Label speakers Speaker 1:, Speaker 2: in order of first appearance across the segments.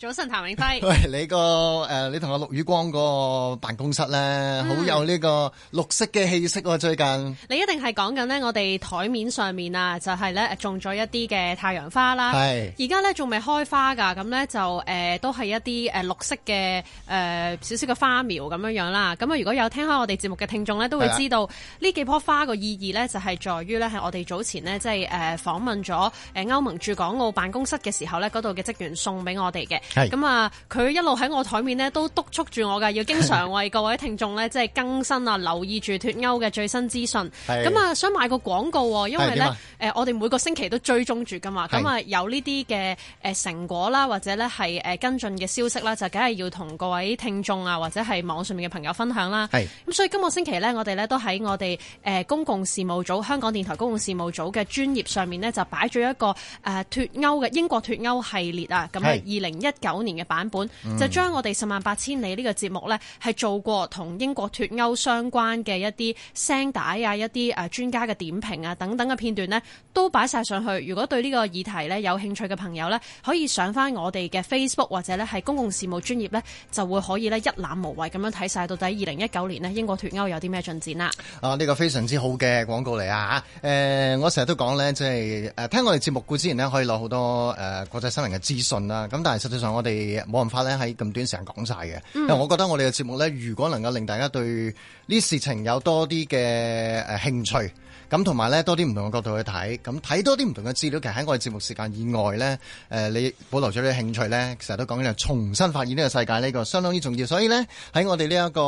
Speaker 1: 早晨，譚永輝。你、
Speaker 2: 那個誒，你同阿陸宇光個辦公室咧，嗯、好有呢個綠色嘅氣息喎、啊。最近
Speaker 1: 你一定係講緊呢，我哋台面上面啊，就係咧種咗一啲嘅太陽花啦。係而家咧仲未開花噶，咁咧就誒、呃、都係一啲誒綠色嘅誒少少嘅花苗咁樣樣啦。咁啊，如果有聽開我哋節目嘅聽眾咧，都會知道呢幾棵花個意義咧，就係在於咧係我哋早前呢，即係誒訪問咗誒歐盟駐港澳辦公室嘅時候咧，嗰度嘅職員送俾我哋嘅。係咁啊！佢是一路喺我台面咧，都督促住我噶，要經常為各位聽眾咧，即係更新啊，是留意住脫歐嘅最新資訊。咁啊是，想賣個廣告，因為咧，誒，我哋每個星期都追蹤住噶嘛。咁啊是，有呢啲嘅誒成果啦，或者咧係誒跟進嘅消息啦，就梗係要同各位聽眾啊，或者係網上面嘅朋友分享啦。咁是，所以今個星期咧，我哋咧都喺我哋誒公共事務組香港電台公共事務組嘅專頁上面咧，就擺咗一個誒脫歐嘅英國脫歐系列啊。咁啊，二零一。九年嘅版本就將我哋十萬八千里呢個節目呢，係做過同英國脫歐相關嘅一啲聲帶啊，一啲誒專家嘅點評啊等等嘅片段呢，都擺晒上去。如果對呢個議題呢，有興趣嘅朋友呢，可以上返我哋嘅 Facebook 或者呢係公共事務專頁呢，就會可以呢一覽無遺咁樣睇晒到底二零一九年呢，英國脫歐有啲咩進展啦。
Speaker 2: 啊呢、這個非常之好嘅廣告嚟啊！誒、啊、我成日都講呢，即係誒聽我哋節目固之前呢，可以攞好多誒、啊、國際新聞嘅資訊啦。咁但係實際上。我哋冇辦法咧，喺咁短時間講晒嘅。但、嗯、我覺得我哋嘅節目咧，如果能夠令大家對呢事情有多啲嘅誒興趣。咁同埋咧，多啲唔同嘅角度去睇，咁睇多啲唔同嘅資料，其實喺我哋節目時間以外咧、呃，你保留咗啲興趣咧，其實都講緊重新發現呢個世界，呢、呢個相當之重要。所以咧，喺我哋呢一個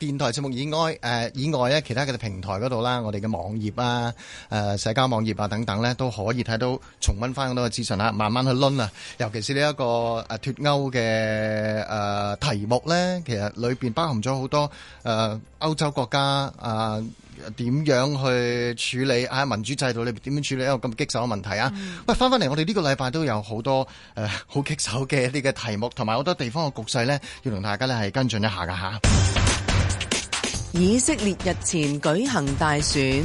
Speaker 2: 電台節目以外，呃、以外咧，其他嘅平台嗰度啦，我哋嘅網頁啊、呃、社交網頁啊等等咧，都可以睇到重温返咁多嘅資訊啦，慢慢去輪啊。尤其是呢一個脫脱歐嘅、呃、題目咧，其實裏面包含咗好多、呃、歐洲國家啊。呃點樣去處理啊？民主制度裏邊點樣處理一個咁、呃、棘手嘅問題啊？喂，翻翻嚟，我哋呢個禮拜都有好多誒，好棘手嘅一啲嘅題目，同埋好多地方嘅局勢咧，要同大家咧係跟進一下噶吓。以色列
Speaker 3: 日前舉行大選。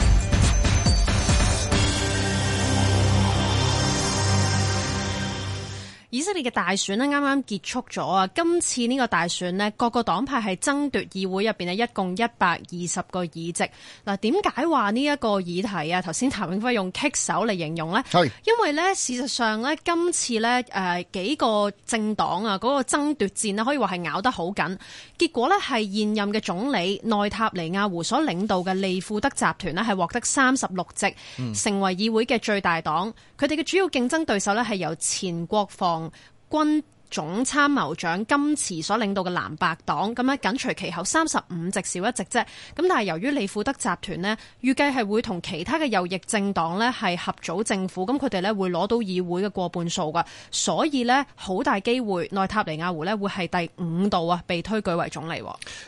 Speaker 1: 即係你嘅大選咧，啱啱結束咗啊！今次呢個大選呢，各個黨派係爭奪議會入邊咧，一共一百二十個議席。嗱，點解話呢一個議題啊？頭先譚永輝用棘手嚟形容呢係是因為呢，事實上呢今次呢誒、呃，幾個政黨啊，嗰個爭奪戰呢可以話係咬得好緊。結果呢係現任嘅總理內塔尼亞胡所領導嘅利庫德集團呢係獲得三十六席，嗯、成為議會嘅最大黨。佢哋嘅主要競爭對手呢，係由前國防軍總參謀長金池所領導嘅藍白黨咁樣緊隨其後三十五席少一席啫，咁但係由於利庫德集團呢，預計係會同其他嘅右翼政黨呢係合組政府，咁佢哋呢會攞到議會嘅過半數㗎，所以呢，好大機會內塔尼亞胡呢會係第五度啊被推舉為總理。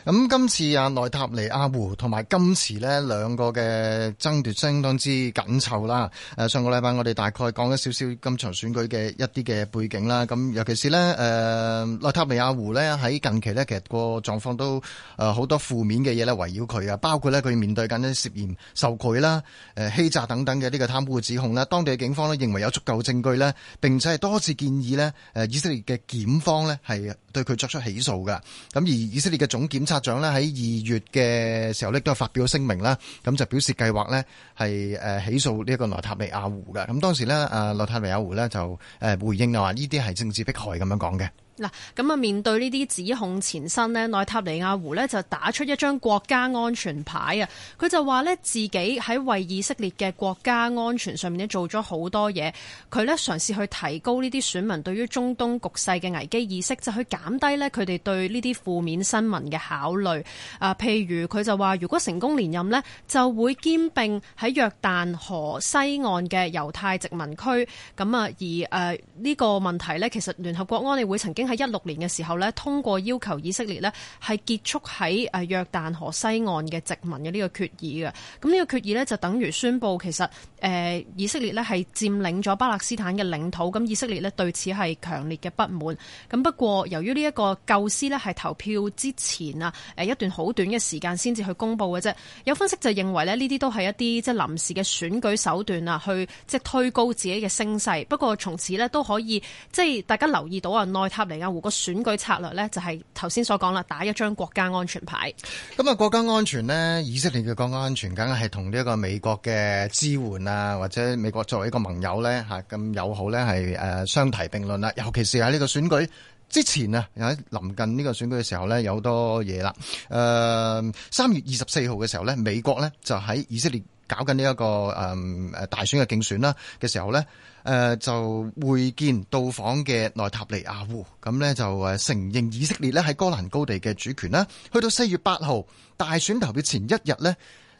Speaker 1: 咁
Speaker 2: 今次啊內塔尼亞胡同埋金池呢兩個嘅爭奪相當之緊湊啦。誒上個禮拜我哋大概講咗少少今場選舉嘅一啲嘅背景啦，咁尤其是呢。誒，內、呃、塔尼亞胡咧喺近期咧，其實個狀況都誒好、呃、多負面嘅嘢，咧圍繞佢啊，包括咧佢面對緊啲涉嫌受賄啦、誒、呃、欺詐等等嘅呢個貪污嘅指控啦。當地嘅警方咧認為有足夠證據咧，並且係多次建議咧，誒、呃、以色列嘅檢方咧係對佢作出起訴噶。咁而以色列嘅總檢察長咧喺二月嘅時候咧都係發表聲明啦，咁就表示計劃咧係誒起訴呢個內塔尼亞胡嘅。咁當時咧，阿、呃、內塔尼亞胡咧就誒回應啊話呢啲係政治迫害咁樣講嘅。
Speaker 1: 嗱，咁啊面對呢啲指控纏身咧，內塔尼亞胡咧就打出一張國家安全牌啊！佢就話咧自己喺為以色列嘅國家安全上面咧做咗好多嘢，佢咧嘗試去提高呢啲選民對於中東局勢嘅危機意識，就去減低咧佢哋對呢啲負面新聞嘅考慮啊。譬如佢就話如果成功連任咧，就會兼併喺約旦河西岸嘅猶太殖民區咁啊，而誒呢個問題咧，其實聯合國安理會曾經。喺一六年嘅時候呢通過要求以色列呢係結束喺誒約旦河西岸嘅殖民嘅呢個決議嘅。咁、這、呢個決議呢，就等於宣布其實誒、呃、以色列呢係佔領咗巴勒斯坦嘅領土。咁以色列呢對此係強烈嘅不滿。咁不過由於呢一個構思呢係投票之前啊，誒一段好短嘅時間先至去公布嘅啫。有分析就認為呢呢啲都係一啲即係臨時嘅選舉手段啊，去即係推高自己嘅聲勢。不過從此呢，都可以即係大家留意到啊，內塔。尼亞胡個選舉策略咧，就係頭先所講啦，打一張國家安全牌。
Speaker 2: 咁啊，國家安全呢，以色列嘅國家安全梗係同呢一個美國嘅支援啊，或者美國作為一個盟友呢，嚇咁友好呢係誒、呃、相提並論啦。尤其是喺呢個選舉之前啊，喺臨近呢個選舉嘅時候呢，有好多嘢啦。誒、呃，三月二十四號嘅時候呢，美國呢就喺以色列。搞緊呢一個誒大選嘅競選啦嘅時候呢，誒就會見到訪嘅內塔尼亞胡。咁呢，就誒承認以色列呢喺哥蘭高地嘅主權啦。去到四月八號大選投票前一日呢，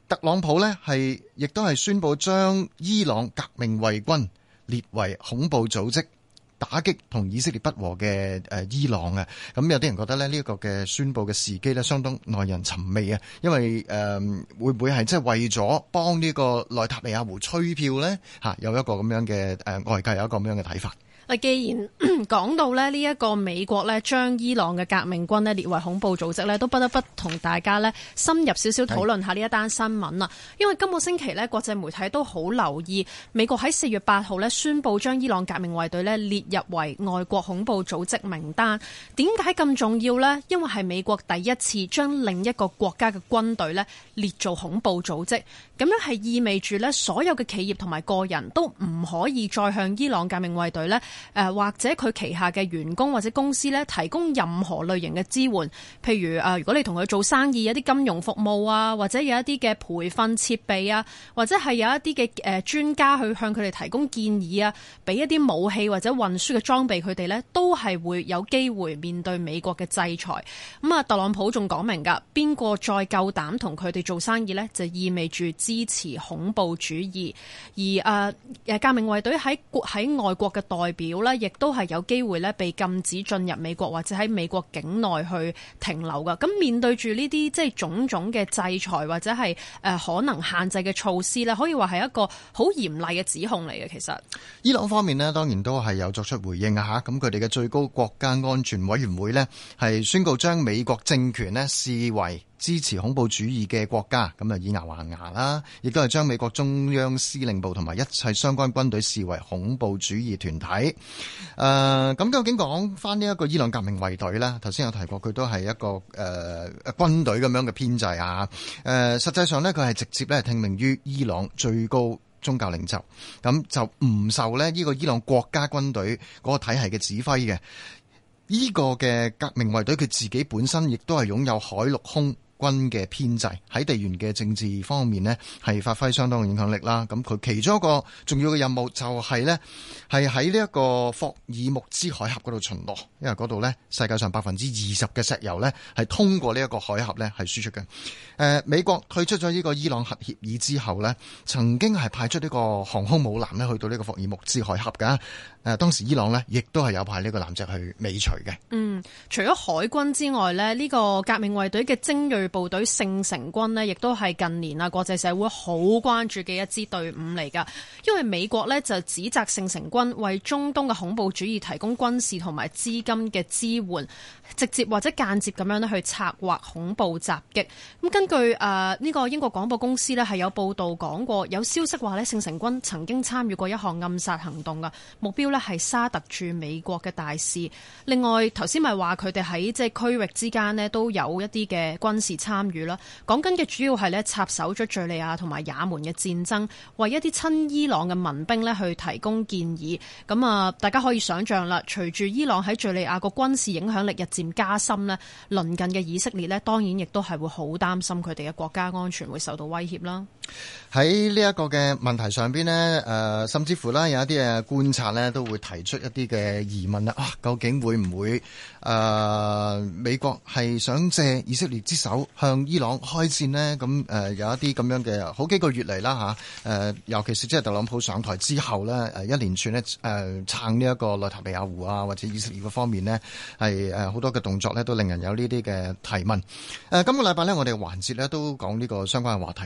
Speaker 2: 特朗普呢係亦都係宣布將伊朗革命衛軍列為恐怖組織。打擊同以色列不和嘅誒伊朗啊，咁有啲人覺得咧呢一個嘅宣佈嘅時機咧相當耐人尋味啊，因為誒會唔會係即係為咗幫呢個內塔尼亞胡吹票咧？嚇有一個咁樣嘅誒外界有一個咁樣嘅睇法。
Speaker 1: 既然講 到呢一個美國呢，將伊朗嘅革命軍呢列為恐怖組織呢，都不得不同大家呢深入少少討論下呢一單新聞啦。是因為今個星期呢，國際媒體都好留意美國喺四月八號呢宣布將伊朗革命衛隊呢列入為外國恐怖組織名單。點解咁重要呢？因為係美國第一次將另一個國家嘅軍隊呢列做恐怖組織，咁樣係意味住呢，所有嘅企業同埋個人都唔可以再向伊朗革命衛隊呢誒、呃，或者佢旗下嘅員工或者公司呢，提供任何類型嘅支援，譬如誒、呃，如果你同佢做生意有一啲金融服務啊，或者有一啲嘅培訓設備啊，或者係有一啲嘅誒專家去向佢哋提供建議啊，俾一啲武器或者運輸嘅裝備佢哋呢都係會有機會面對美國嘅制裁。咁、嗯、啊，特朗普仲講明噶，邊個再夠膽同佢哋做生意呢，就意味住支持恐怖主義。而誒，誒、呃、革命衛隊喺喺外國嘅代表。表呢亦都係有機會呢被禁止進入美國或者喺美國境內去停留噶。咁面對住呢啲即係種種嘅制裁或者係誒、呃、可能限制嘅措施呢，可以話係一個好嚴厲嘅指控嚟嘅。其實
Speaker 2: 伊朗方面呢，當然都係有作出回應啊。吓，咁佢哋嘅最高國家安全委員會呢，係宣告將美國政權呢視為。支持恐怖主義嘅國家，咁啊以牙還牙啦，亦都係將美國中央司令部同埋一切相關軍隊視為恐怖主義團體。誒、呃，咁究竟講翻呢一個伊朗革命衛隊咧？頭先有提過，佢都係一個誒、呃、軍隊咁樣嘅編制啊。誒、呃，實際上呢，佢係直接咧聽命於伊朗最高宗教領袖，咁就唔受咧呢、呢個伊朗國家軍隊嗰個體系嘅指揮嘅。呢、呢個嘅革命衛隊佢自己本身亦都係擁有海陸空軍嘅編制，喺地緣嘅政治方面呢，係發揮相當嘅影響力啦。咁佢其中一個重要嘅任務就係呢，係喺呢一個霍爾木茲海峽嗰度巡邏，因為嗰度呢，世界上百分之二十嘅石油呢，係通過呢一個海峽呢係輸出嘅。呃，美國退出咗呢個伊朗核協議之後呢，曾經係派出呢個航空母艦呢，去到呢個霍爾木茲海峽㗎。誒當時伊朗呢，亦都係有派呢個艦隻去尾隨嘅。嗯，
Speaker 1: 除咗海軍之外呢呢、呢個革命衛隊嘅精鋭部隊聖城軍呢，亦都係近年啊國際社會好關注嘅一支隊伍嚟㗎。因為美國呢，就指責聖城軍為中東嘅恐怖主義提供軍事同埋資金嘅支援，直接或者間接咁樣去策劃恐怖襲擊。咁根據誒呢個英國廣播公司呢，係有報導講過，有消息話呢聖城軍曾經參與過一項暗殺行動嘅目標呢。咧係沙特駐美國嘅大使。另外，頭先咪話佢哋喺即係區域之間咧都有一啲嘅軍事參與啦。講緊嘅主要係咧插手咗敘利亞同埋也門嘅戰爭，為一啲親伊朗嘅民兵咧去提供建議。咁啊，大家可以想象啦，隨住伊朗喺敘利亞個軍事影響力日漸加深咧，鄰近嘅以色列咧，當然亦都係會好擔心佢哋嘅國家安全會受到威脅啦。
Speaker 2: 喺呢一個嘅問題上邊咧，誒，甚至乎啦有一啲誒觀察咧都。會提出一啲嘅疑問啦，啊，究竟會唔會誒、呃、美國係想借以色列之手向伊朗開戰呢？咁、嗯、誒、呃、有一啲咁樣嘅好幾個月嚟啦吓，誒、啊、尤其是即係特朗普上台之後咧，誒一連串咧誒撐呢一個內塔尼亞胡啊，或者以色列方面呢，係誒好多嘅動作咧，都令人有呢啲嘅提問。誒、呃、今個禮拜呢，我哋環節咧都講呢個相關嘅話
Speaker 1: 題。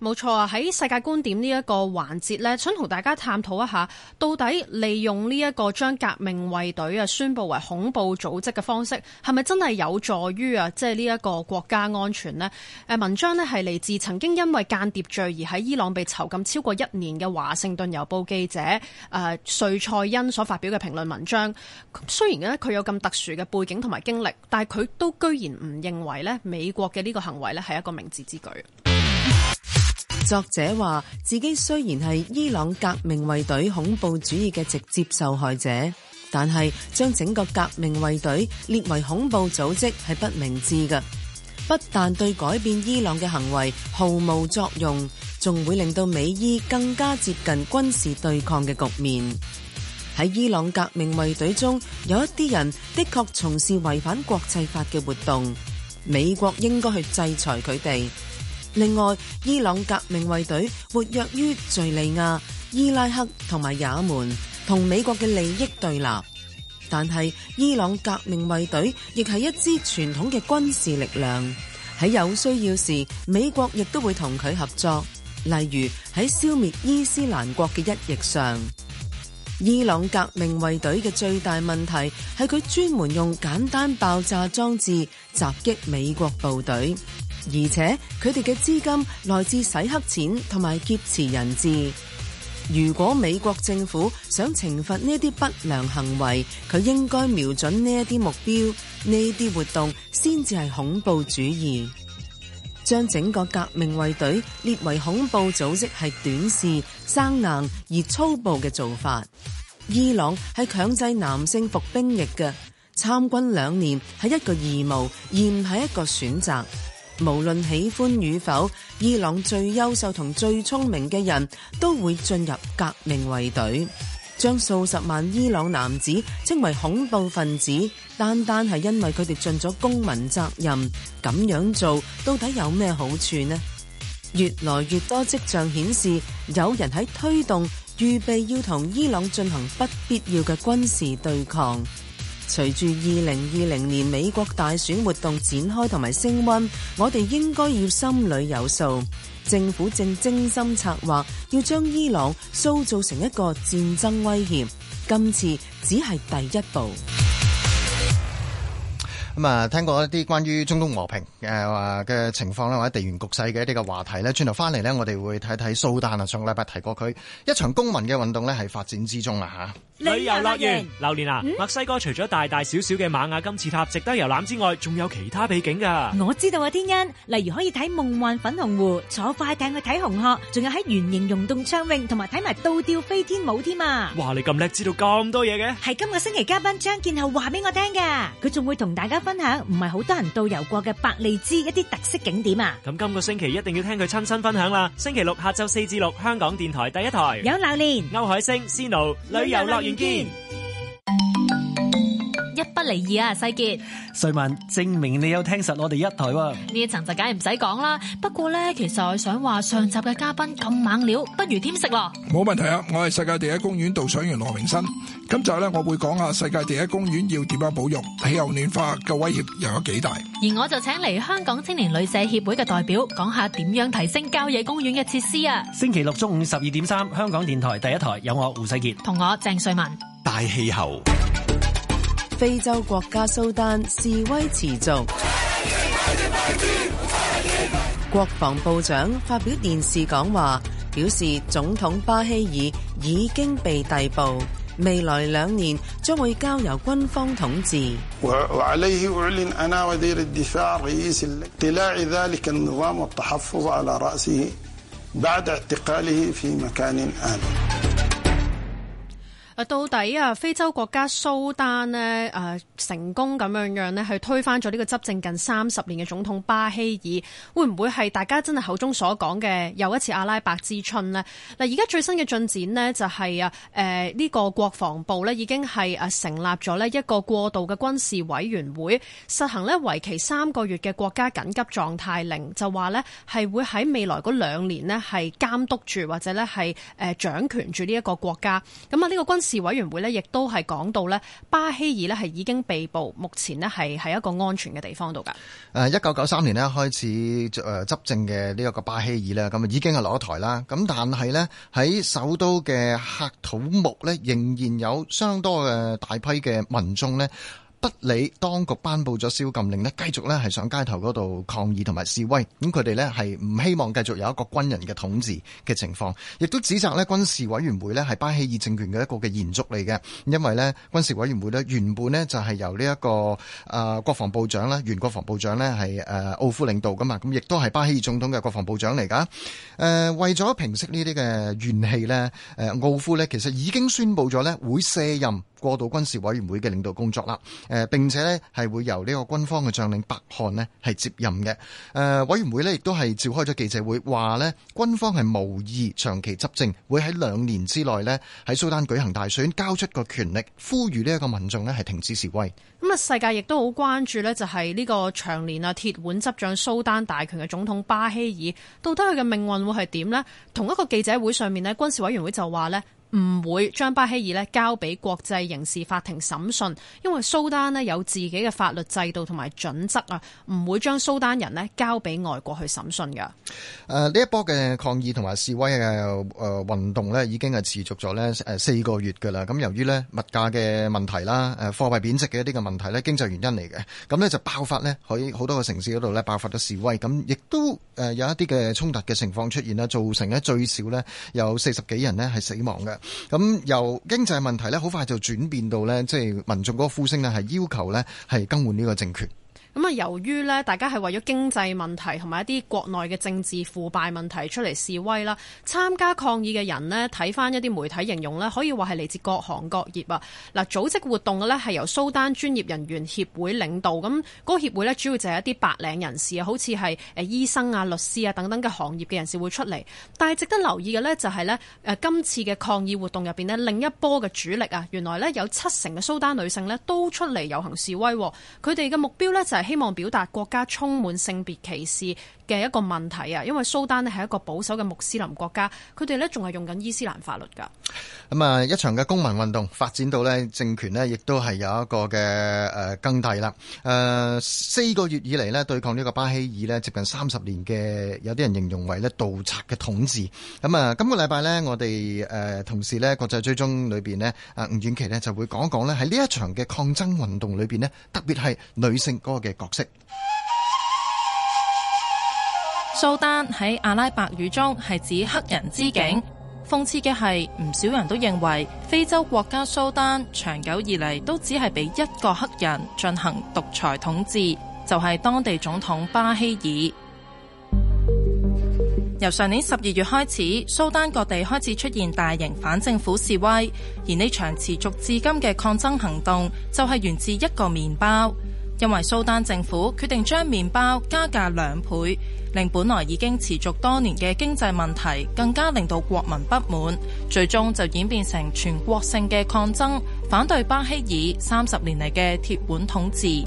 Speaker 1: 冇錯啊，喺世界觀點呢一個環節咧，想同大家探討一下，到底利用呢一個將革命衛隊啊宣布為恐怖組織嘅方式，係咪真係有助於啊？即係呢一個國家安全呢誒，文章咧係嚟自曾經因為間諜罪而喺伊朗被囚禁超過一年嘅華盛頓郵報記者誒、呃，瑞塞恩所發表嘅評論文章。雖然咧佢有咁特殊嘅背景同埋經歷，但係佢都居然唔認為咧美國嘅呢個行為咧係一個明智之舉。
Speaker 3: 作者話：自己雖然係伊朗革命衛隊恐怖主義嘅直接受害者，但係將整個革命衛隊列為恐怖組織係不明智嘅。不但對改變伊朗嘅行為毫無作用，仲會令到美伊更加接近軍事對抗嘅局面。喺伊朗革命衛隊中有一啲人的確從事違反國際法嘅活動，美國應該去制裁佢哋。另外，伊朗革命衛隊活躍於敘利亞、伊拉克同埋也門，同美國嘅利益對立。但係，伊朗革命衛隊亦係一支傳統嘅軍事力量，喺有需要時，美國亦都會同佢合作，例如喺消滅伊斯蘭國嘅一役上。伊朗革命衛隊嘅最大問題係佢專門用簡單爆炸裝置襲擊美國部隊。而且佢哋嘅資金來自洗黑錢同埋劫持人質。如果美國政府想懲罰呢啲不良行為，佢應該瞄準呢一啲目標，呢啲活動先至係恐怖主義。將整個革命衛隊列為恐怖組織係短視、生硬而粗暴嘅做法。伊朗係強制男性服兵役嘅，參軍兩年係一個義務，而唔係一個選擇。無論喜歡與否，伊朗最優秀同最聰明嘅人都會進入革命衛隊，將數十萬伊朗男子稱為恐怖分子，單單係因為佢哋盡咗公民責任。咁樣做到底有咩好處呢？越來越多跡象顯示，有人喺推動，預備要同伊朗進行不必要嘅軍事對抗。隨住二零二零年美國大選活動展開同埋升溫，我哋應該要心裏有數。政府正精心策劃，要將伊朗塑造成一個戰爭威脅。今次只係第一步。
Speaker 2: 咁啊，聽過一啲關於中東和平嘅話嘅情況咧，或者地緣局勢嘅一啲嘅話題咧，轉頭翻嚟咧，我哋會睇睇蘇丹啊，上禮拜提過佢一場公民嘅運動咧，係發展之中啊吓。
Speaker 1: 旅遊樂園，榴蓮啊，墨西哥除咗大大小小嘅瑪雅金字塔值得遊覽之外，仲有其他秘境噶。我知道啊，天恩，例如可以睇夢幻粉紅湖，坐快艇去睇紅鶴，仲有喺圓形溶洞暢泳，同埋睇埋倒吊飛天舞添啊！哇，你咁叻，知道咁多嘢嘅？係今個星期嘉賓張建浩話俾我聽嘅，佢仲會同大家。分享唔係好多人導遊過嘅百利茲一啲特色景點啊！咁今個星期一定要聽佢親親分享啦！星期六下晝四至六，香港電台第一台有，榴槤歐海星 Snow 旅遊樂園見。不離異啊，世傑瑞文
Speaker 2: 證明你有聽實我哋一台喎。
Speaker 1: 呢一層就梗係唔使講啦。不過咧，其實我想話上集嘅嘉賓咁猛料，不如添食咯。
Speaker 2: 冇問題啊！我係世界第一公園導賞員羅
Speaker 4: 明新。今集咧，我會講下世界第一公園要點樣保育，氣候暖化嘅威脅
Speaker 1: 又有幾大。而我就請嚟香港青年旅社協會嘅代表講下點樣提升郊野
Speaker 3: 公園嘅設施啊！
Speaker 1: 星期六中午十二點三，香港電台第一台有我胡世傑同我鄭
Speaker 3: 瑞文大氣候。非洲國家蘇丹示威持續，國防部長發表電視講話，表示總統巴希爾已經被逮捕，未來兩年將會交由軍方統
Speaker 2: 治。
Speaker 1: 到底啊，非洲國家蘇丹呢成功咁樣樣去推翻咗呢個執政近三十年嘅總統巴希爾，會唔會係大家真係口中所講嘅又一次阿拉伯之春呢？嗱，而家最新嘅進展呢、就是，就係啊，呢、呢個國防部呢已經係成立咗呢一個過渡嘅軍事委員會，實行呢為期三個月嘅國家緊急狀態令，就話呢係會喺未來嗰兩年呢係監督住或者呢係掌權住呢一個國家。咁啊，呢個軍事事委員會呢亦都係講到呢，巴希爾呢係已經被捕，目前呢係喺一個安全嘅地方度㗎。誒，一
Speaker 2: 九九三年呢開始誒執政嘅呢一個巴希爾呢，咁啊已經係落咗台啦。咁但係呢，喺首都嘅黑土木呢，仍然有相當多嘅大批嘅民眾呢，不理當局頒布咗宵禁令呢，繼續呢係上街頭嗰度抗議同埋示威。咁佢哋呢係唔希望繼續有一個軍人嘅統治嘅情況，亦都指責呢軍事委員會呢係巴希爾政權嘅一個嘅延續嚟嘅。因為呢軍事委員會呢原本呢就係由呢、這、一個啊、呃、國防部長啦，原國防部長呢係誒奧夫領導噶嘛，咁亦都係巴希爾總統嘅國防部長嚟噶。誒、呃、為咗平息呢啲嘅怨氣呢，誒、呃、奧夫呢其實已經宣布咗呢會卸任。過渡軍事委員會嘅領導工作啦，誒並且呢係會由呢個軍方嘅將領白漢呢係接任嘅，誒、呃、委員會呢亦都係召開咗記者會，話呢軍方係無意長期執政，會喺兩年之內呢喺蘇丹舉行大選，交出個權力，呼籲呢一個民眾呢係停止示威。
Speaker 1: 咁啊，世界亦都好關注呢，就係呢個長年啊鐵腕執掌蘇丹大權嘅總統巴希爾，到底佢嘅命運會係點呢？同一個記者會上面呢，軍事委員會就話呢。唔會將巴希爾咧交俾國際刑事法庭審訊，因為蘇丹咧有自己嘅法律制度同埋準則啊，唔會將蘇丹人咧交俾外國去審訊嘅。
Speaker 2: 誒，呢一波嘅抗議同埋示威嘅、誒運動咧已經係持續咗咧、誒四個月噶啦。咁由於咧物價嘅問題啦，誒貨幣貶值嘅一啲嘅問題咧，經濟原因嚟嘅，咁咧就爆發咧喺好多個城市嗰度咧爆發咗示威，咁亦都誒有一啲嘅衝突嘅情況出現啦，造成咧最少咧有四十幾人咧係死亡嘅。咁由經濟問題咧，好快就轉變到咧，即係民眾嗰個呼聲呢，係要求咧，係更換呢個政權。
Speaker 1: 咁啊，由於大家係為咗經濟問題同埋一啲國內嘅政治腐敗問題出嚟示威啦，參加抗議嘅人呢睇翻一啲媒體形容呢，可以話係嚟自各行各業啊。嗱，組織活動嘅呢係由蘇丹專業人員協會領導，咁、嗰個協會主要就係一啲白領人士啊，好似係醫生啊、律師啊等等嘅行業嘅人士會出嚟。但係值得留意嘅呢、就係，就係呢今次嘅抗議活動入面呢，另一波嘅主力啊，原來呢有七成嘅蘇丹女性呢都出嚟遊行示威，佢哋嘅目標呢，就係、係。希望表達國家充滿性別歧視。嘅一個問題啊，因為蘇丹呢係一個保守嘅穆斯林國家，佢哋呢仲係用緊伊斯蘭法律噶。
Speaker 2: 咁啊，一場嘅公民運動發展到呢，政權呢亦都係有一個嘅誒更替啦。誒四個月以嚟呢，對抗呢個巴希爾呢，接近三十年嘅有啲人形容為呢盜賊嘅統治。咁啊，今個禮拜呢，我哋誒同事呢國際追蹤裏邊呢，啊吳沅琪呢就會講一講呢喺呢一場嘅抗爭運動裏邊呢，特別係女性嗰個嘅角色。
Speaker 4: 蘇丹喺阿拉伯語中係指黑人之境。諷刺嘅係，唔少人都認為非洲國家蘇丹長久以嚟都只係俾一個黑人進行獨裁統治，就係當地總統巴希爾。由上年十二月開始，蘇丹各地開始出現大型反政府示威，而呢場持續至今嘅抗爭行動就係源自一個麵包。因為蘇丹政府決定將麵包加價兩倍，令本來已經持續多年嘅經濟問題更加令到國民不滿，最終就演變成全國性嘅抗爭，反對巴希爾三十年嚟嘅鐵腕統治。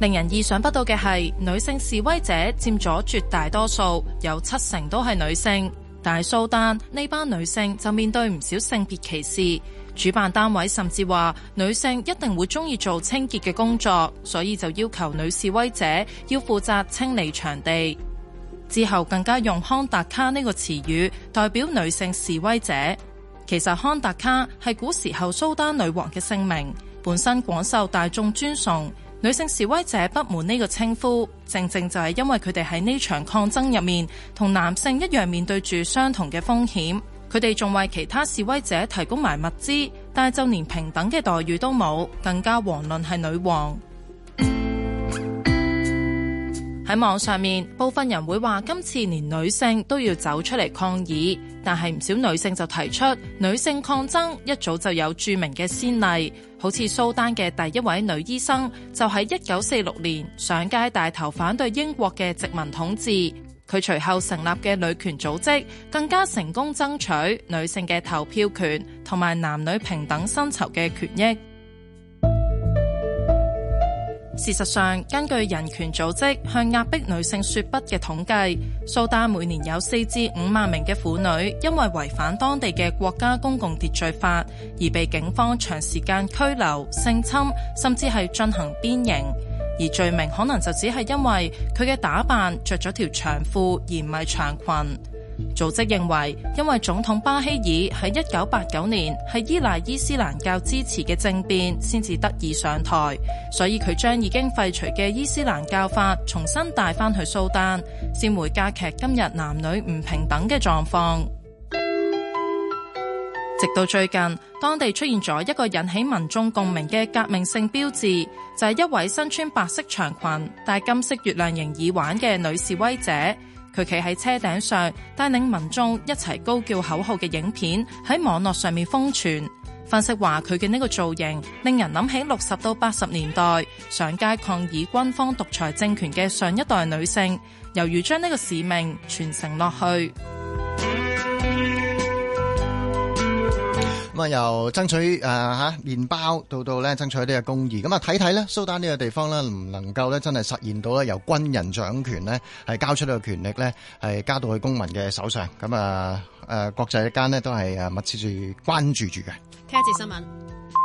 Speaker 4: 令人意想不到嘅係，女性示威者佔咗絕大多數，有七成都係女性。大蘇丹呢班女性就面對唔少性別歧視，主辦單位甚至話女性一定會鍾意做清潔嘅工作，所以就要求女示威者要負責清理場地。之後更加用康達卡呢個詞語代表女性示威者。其實康達卡係古時候蘇丹女王嘅姓名，本身廣受大眾尊崇。女性示威者不滿呢個稱呼，正正就係因為佢哋喺呢場抗爭入面，同男性一樣面對住相同嘅風險。佢哋仲為其他示威者提供埋物資，但係就連平等嘅待遇都冇，更加遑論係女王。喺網上面，部分人會話今次連女性都要走出嚟抗議，但係唔少女性就提出女性抗爭一早就有著名嘅先例，好似蘇丹嘅第一位女醫生就喺一九四六年上街帶頭反對英國嘅殖民統治，佢隨後成立嘅女權組織更加成功爭取女性嘅投票權同埋男女平等薪酬嘅權益。事實上，根據人權組織向壓迫女性說不嘅統計，蘇丹每年有四至五萬名嘅婦女因為違反當地嘅國家公共秩序法，而被警方長時間拘留、性侵，甚至係進行鞭刑，而罪名可能就只係因為佢嘅打扮着咗條長褲而唔係長裙。組織認為，因為總統巴希爾喺一九八九年係依賴伊斯蘭教支持嘅政變先至得以上台，所以佢將已經廢除嘅伊斯蘭教法重新帶翻去蘇丹，先會加劇今日男女唔平等嘅狀況。直到最近，當地出現咗一個引起民眾共鳴嘅革命性標誌，就係、是、一位身穿白色長裙，裙、戴金色月亮形耳環嘅女示威者。佢企喺車頂上，帶領民眾一齊高叫口號嘅影片喺網絡上面瘋傳。分析話：佢嘅呢個造型令人諗起六十到八十年代上街抗議軍方獨裁政權嘅上一代女性，猶如將呢個使命傳承落去。
Speaker 2: 咁啊，由爭取誒嚇麵包，到到咧爭取一啲嘅公義。咁啊，睇睇咧蘇丹呢個地方咧，唔能夠咧真係實現到咧由軍人掌權咧，係交出呢個權力咧，係交到去公民嘅手上。咁啊誒，國際一間咧都係誒密切住關注住嘅。
Speaker 1: 聽一節新聞。